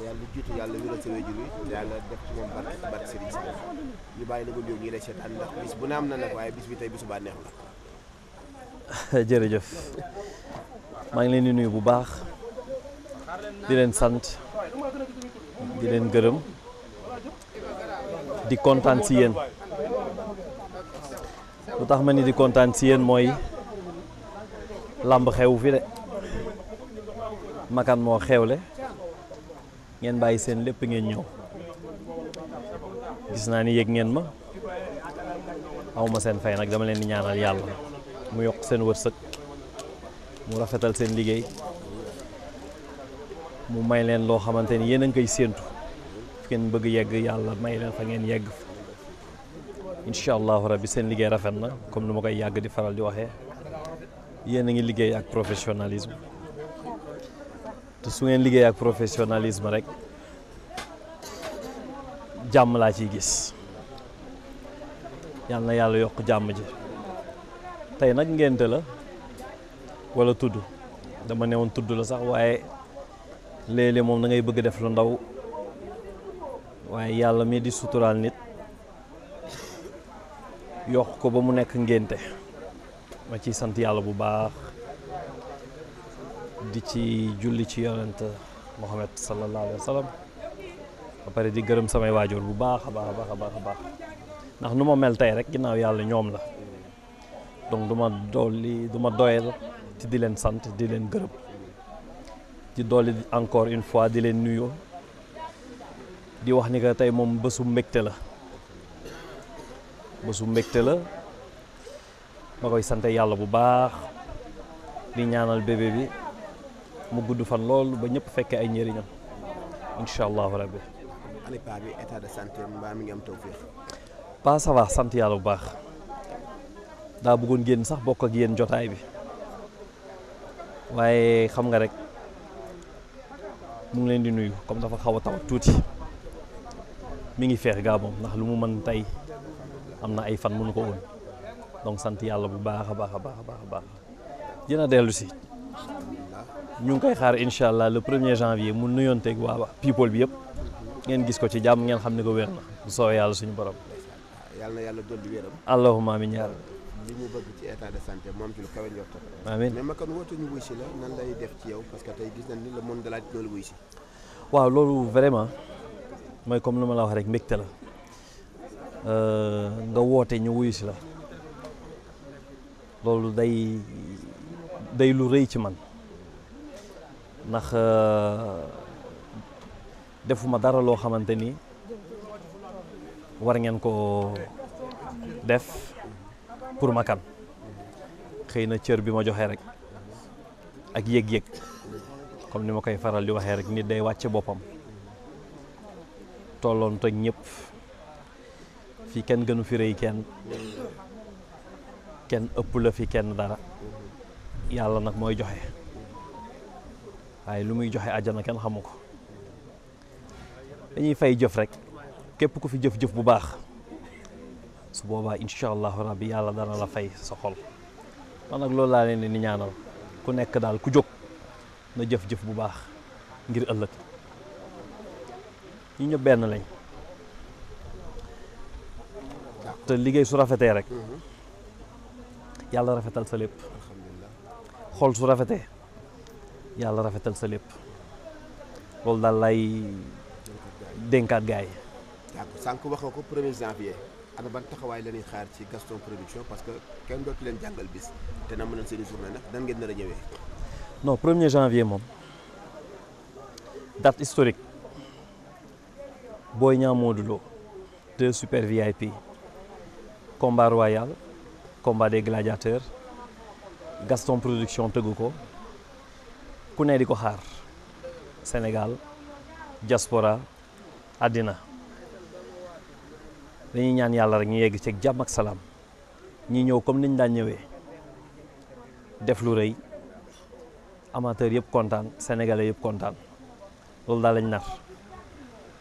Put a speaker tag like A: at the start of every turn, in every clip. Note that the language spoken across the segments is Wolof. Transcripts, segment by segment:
A: yàlla lu jiitu yàlla wéral sa wéjur def ci moom barke bàyyi la ko jóg ñii bu ne am na waaye bis bi tey bisu bànneex
B: la maa ngi leen di nuyu bu baax di leen sant di leen gërëm di kontaan si yéen lu tax ma ni di kontaan si yéen mooy làmb xew fi de makan moo xewle ngeen bàyyi seen lépp ngeen ñëw gis naa ni yëg ngeen ma aw ma seen fay nag dama leen di ñaanal yàlla mu yokk seen wërsëg mu rafetal seen liggéey mu may leen loo xamante ni yéen a koy séentu fi ngeen bëgg yegg yàlla may leen fa ngeen yegg incha allahu rabbi seen liggéey rafet na comme ni ma koy yàgg di faral di waxee yéen a ngi liggéey ak professionnalisme su ngeen liggéey ak professionnalisme rek jàmm laa ciy gis yal na yàlla yokk jàmm ji tey nag ngénte la walla tudd dama newoon tudd la sax waaye léeg-léeg moom da ngay bëgg def lu ndaw waaye yàlla mi di suturaal nit yokk ko ba mu nekk ngénte ma ciy sant yàlla bu baax di ci julli ci yonent Muhammad sallallahu alayhi wa sallam di gërëm samay waajur bu baax a baax a baax a baax ndax nu ma mel tey rek ginnaaw yàlla ñoom la donc du ma dolli du ma doyal ci di leen sant di leen gërëm di dolli encore une fois di leen nuyoo di wax ni ko tey moom bésu mbégte la bësu mbégte la ma koy sant yàlla bu baax di ñaanal bébé bi. mu gudd fan loolu ba ñëpp fekkee ay njëriñam incha allahu rabbi.
A: Alipa de santé mbaa mi ngi am tawféex.
B: sant yàlla bu baax daa bëggoon génn sax bokk ak yéen jotaay bi waaye xam nga rek mu ngi leen di nuyu comme dafa xaw a taw tuuti mu ngi feex gaa moom ndax lu mu mën tey am na ay fan mënu ko woon donc sant yàlla bu baax a baax a baax a baax dina dellu ñu ngi koy xaar incha allah le premier janvier mu nuyonteeg waa people bi gis ko ci jàmm ngeen xam ne ko wér na bu yàlla suñu borom.
A: yàlla na yàlla dolli wéram.
B: allahumma amiin yaa rabbi.
A: li mu bëgg ci état de santé moom ci lu kawe njortam. amiin mais Makane ñu wuy si la nan def ci yow parce que tey gis nañ ni le monde de la loolu wuy si.
B: waaw loolu vraiment mooy comme lu ma la wax rek mbégte la euh, nga woote ñu wuyu si la loolu day day lu rëy ci man ndax euh, defuma dara loo xamante ni war ngeen ko def pour ma kan xëy na cër bi ma joxee rek ak yëg-yëg comme ni ma koy faral di waxee rek nit day wàcce boppam tolloon teg ñëpp fii kenn gënu fi rëy kenn kenn ëpp la fi kenn dara yàlla nag mooy joxe waaye lu muy joxe àjjana kenn xamu ko dañuy fay jëf rek képp ku fi jëf-jëf bu baax su boobaa incha allahu rabbi yàlla dana la fay sa xol man nag loolu laa leen di ñaanal ku nekk daal ku jóg na jëf-jëf bu baax ngir ëllëg ñu ñëpp benn lañ te liggéey su rafetee rek mm-hmm. yàlla rafetal sa lépp xool su rafetee yàlla rafetal sa lépp loolu daal lay dénkaat gars yi.
A: d'accord sànq wax nga ko premier janvier ana ban taxawaay la ñuy xaar ci Gaston production parce que kenn dootu leen jàngal bis te na mën a seen journée nag nan ngeen nar a ñëwee.
B: non premier janvier moom date historique Boy Niang Modou Lo deux super VIP combat royal combat des gladiateurs. Gaston production tëgg ko ku ne di ko xaar Sénégal jaspora àddina dañuy ñaan yàlla rek ñu yegg ci jàmm ak salaam ñi ñëw comme niñ daan ñëwee def lu rëy amateur yëpp kontaan sénégalais yëpp kontaan loolu daal lañ nar.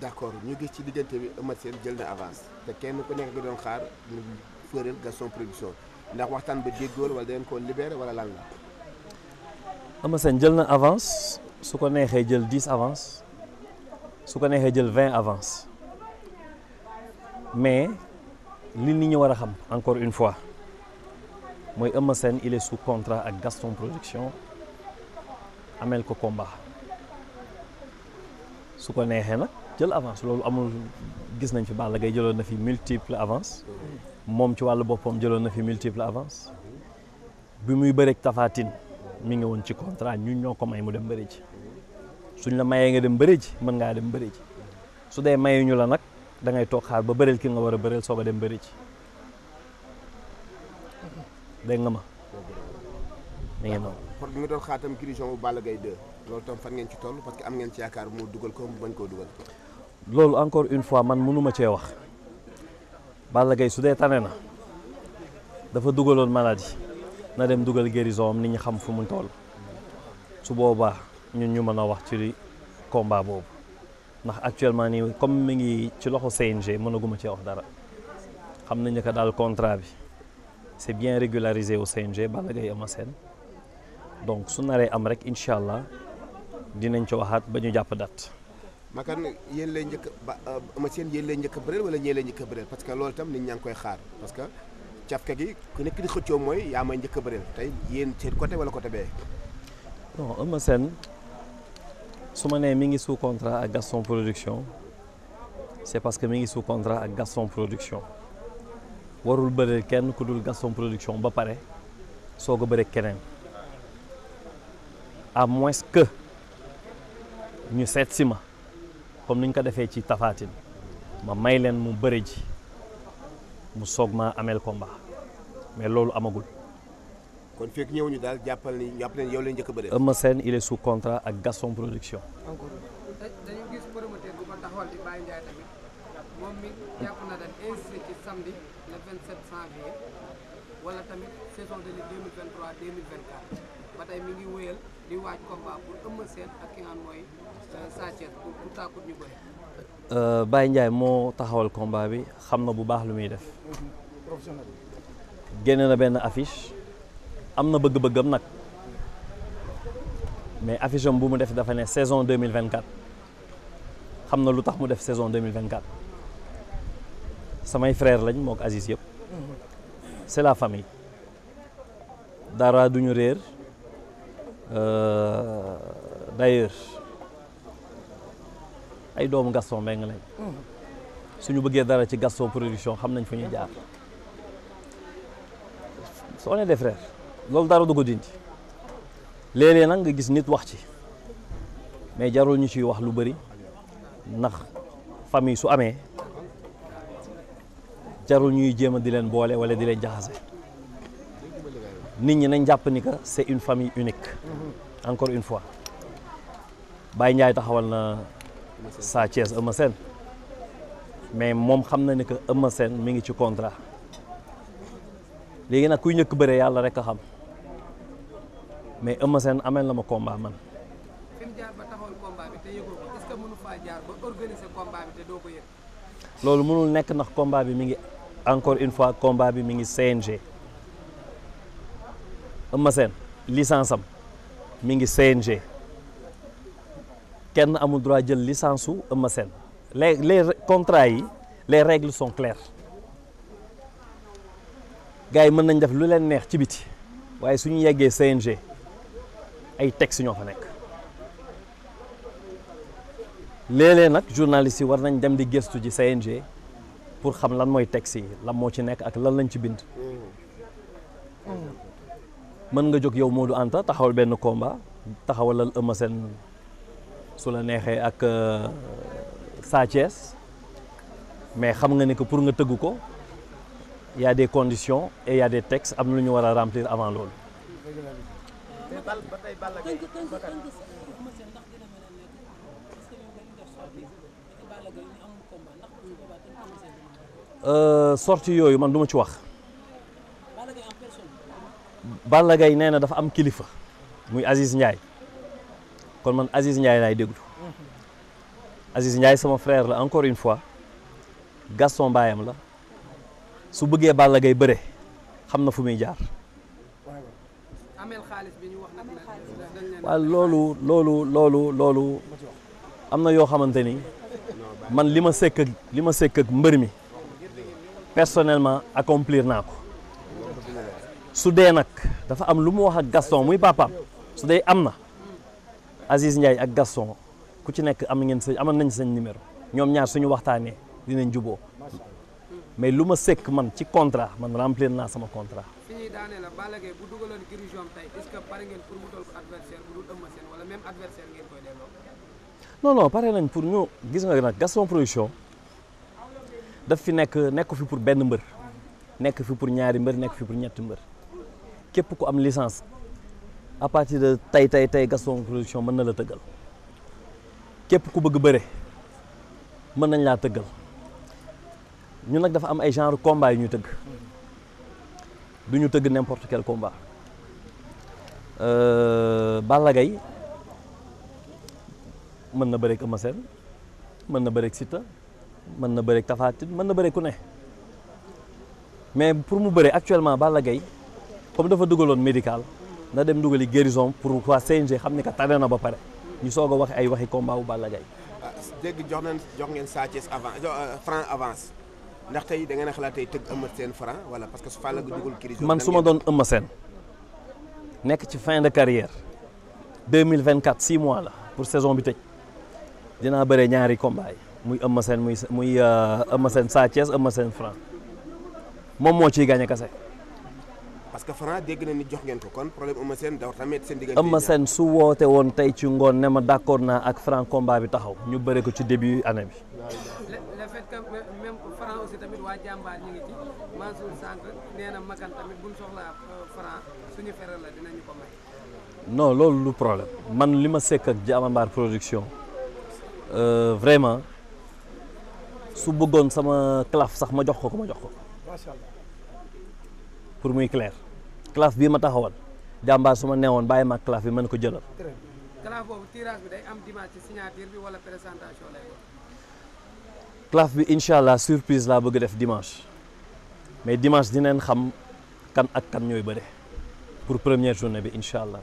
A: d'accord ñu gis ci diggante bi Eumeu jël na avance te kenn ku nekk nga doon xaar ñu fëreel Gaston production. ndax waxtaan ba déggool wala da ngeen koo libéré wala lan la.
B: Ama Sène jël na avance su ko neexee jël dix avance su ko neexee jël vingt avance mais li nit ñi war a xam encore une fois mooy Ama Sène il est sous contrat ak Gaston Production ameel ko combat su ko neexee nag. jël avance loolu amul gis nañ fi Balla gay jëloon na fi multiple avance moom ci wàllu boppam jëloon na fi multiple avance bi muy bëreeg tafaatin mi ngi woon ci contrat ñu ñoo ko may mu dem bëri ji suñ la mayee nga dem bëri ji mën ngaa dem bëri ji su dee ñu la nag da ngay toog xaar ba bëreel ki nga war a bëreel soog a dem bëri ji dégg nga ma. mi ngi noonu
A: kon bi nga doon xaar tam Balla Gaye 2 loolu tam fan ngeen ci toll parce que am ngeen ci yaakaar moo dugal ko bañ koo dugal.
B: loolu encore une fois man mënuma cee wax Balla Gaye su dee tane na dafa dugaloon maladie na dem dugal guérison am nit ñi xam fu mu toll su boobaa ñun ñu mën a wax ci combat boobu ndax actuellement nii comme mi ngi ci loxo CNG mënaguma cee wax dara xam nañu ko daal contrat bi c'est bien régularisé au CNG Balla Gaye Eumeu Sène donc su naree am rek incha allah dinañ ci waxaat ba ñu jàpp date.
A: Makane yéen lay njëkk ba ama euh, seen yéen lay njëkk a bëreel wala ñee lay njëkk a bëreel parce que loolu tam nit ñaa ngi koy xaar parce que cafka gi ku nekk di xëccoo mooy yaa may njëkk a bëreel tey yéen seen côté wala côté bee.
B: bon Eumeu Sène su ma nee mi ngi sous contrat ak Gaston Production c'est parce que mi ngi sous contrat ak Gaston Production warul bëreel kenn ku dul Gaston Production ba pare soo ko bëree keneen à moins que ñu seet si ma. comme ni ñu ko defee ci tafaatin ma may leen mu bëre ji mu soog ma ameel komba mais loolu amagul.
A: kon fekk ñëw ñu daal jàppal ni jàpp nañ yow leen njëkk a bëre. Eumeu
B: Sène il est sous contrat ak Gaston Production. ba tey euh, euh, moo taxawal combat bi xam na bu baax lu muy def. professionnel génne na benn affiche am na bëgg-bëggam nag mais affiche bu mu def dafa ne saison 2024 xam na lu tax mu def saison 2024 samay frère lañ moo ko Aziz yëpp mhm. c'est la famille dara duñu réer. Euh, d'ailleurs ay doomu Gaston Mbengue lañ mm. suñu bëggee dara ci Gaston production xam nañ fu ñuy jaar soo nee des frères loolu dara du ko dindi léeg-léeg nag nga gis nit wax ci mais jarul ñu ciy wax lu bëri ndax famille su amee jarul ñuy jéem a di leen boole wala di leen jaxase nit ñi nañ jàpp ni que c'est une famille unique encore une fois baay Ndiaye taxawal na Sa Thiès Eumeu Sène mais moom xam na ni que Eumeu Sène mi ngi ci contrat léegi nag kuy ñëkk bëre yàlla rek a xam mais Eumeu Sène ameel na ma komba man loolu mënul nekk ndax combat bi mi ngi encore une fois combat bi mi ngi CNG Eumeu Sène licence am mi ngi CNG kenn amul droit jël licence su Eumeu Sène les les contrats yi les règles sont claires gars yi mën nañ def lu leen neex ci biti waaye su ñu yeggee CNG ay textes ñoo fa nekk léeg-léeg nag journalistes yi war nañ dem di gëstu ji CNG pour xam lan mooy textes yi lan moo ci nekk ak lan lañ ci bind. Mm. mën nga jóg yow Modou Anta taxawal benn combat taxawalal Eumeu Sène su la neexee ak euh, Sa mais xam nga ne que pour nga tëgg ko y a des conditions et y a des am na lu ñu war a remplir avant loolu. Euh, sorti yooyu man duma ci wax. Balla Gaye nee na dafa am kilifa muy Aziz Ndiaye kon man Aziz Ndiaye laay déglu Aziz Ndiaye sama frère la encore une fois Gaston mbaayam la su bëggee Balla Gaye bëre xam na fu muy jaar waaw loolu loolu loolu loolu am na yoo xamante ni man li ma sekk ak li ma sekk ak mbër mi personnellement accomplir naa ko su dee nag dafa am lu mu wax ak Gaston muy papaam su dee am na Aziz Ndiaye ak Gaston ku ci nekk am ngeen sa amal nañ seen numéro ñoom ñaar suñu waxtaanee dinañ juboo mais lu ma sekk man ci contrat man remplir naa sama contrat.
C: fi ñuy pare
B: nañ pour ñu gis nga nag Gaston production daf fi nekk nekk fi pour benn mbër nekk fi pour ñaari mbër nekk fi pour ñetti mbër. képp ku am licence à partir de tey tey tey Gaston production mën na la tëggal képp ku bëgg bëre mën nañ laa tëggal ñu nag dafa am ay genre combat yu ñu tëgg du ñu tëgg n'importe quel combat euh, Balla Gaye mën na bëreeg Eumeu Sène mën na bëreeg Siteu mën na bëreeg Tapha mën na bëreeg ku ne mais pour mu bëre actuellement Balla Gaye comme dafa dugaloon médical na dem dugali guérison pour waa CNG xam ne que tane na ba pare ñu soog a wax ay waxi combat bu Balla Gaye.
A: ah dégg jox nañ jox ngeen Sa Thiès avant euh, franc avance ndax tey da ngeen a xalaat tey tëgg Eumeu Sène wala parce que su Fallou dugal guérison. man su ma
B: doon Eumeu Sène nekk ci fin de carrière 2024 six mois la pour saison bi tëj dinaa bëre ñaari combat muy Eumeu Sène muy muy euh, Eumeu Sène Sa Thiès Eumeu franc moom moo ciy gagné kase.
A: parce que Franc dégg na ni jox ngeen ko kon problème Eumeu Sène daw tamit seen diggante Eumeu
B: seen su woote woon tey ci ngoon ne ma d'accord naa ak Franc combat bi taxaw ñu bëre ko ci début année bi.
C: le fait que Franc aussi tamit waa jàmbaar ñu ngi ci
B: Mansour euh, loolu lu problème man li ma sekk ak jàmbaar production euh, vraiment su bëggoon sama calaf sax ma jox ko ko ma jox ko. macha allah. pour muy clair claf bii ma taxawal jàmbaar su ma neewoon bàyyi ma claf bi mën ko jëlal. claf bi day incha allah surprise laa bëgg def dimanche mais dimanche dinañ xam kan ak kan ñooy bëre pour première journée bi incha allah.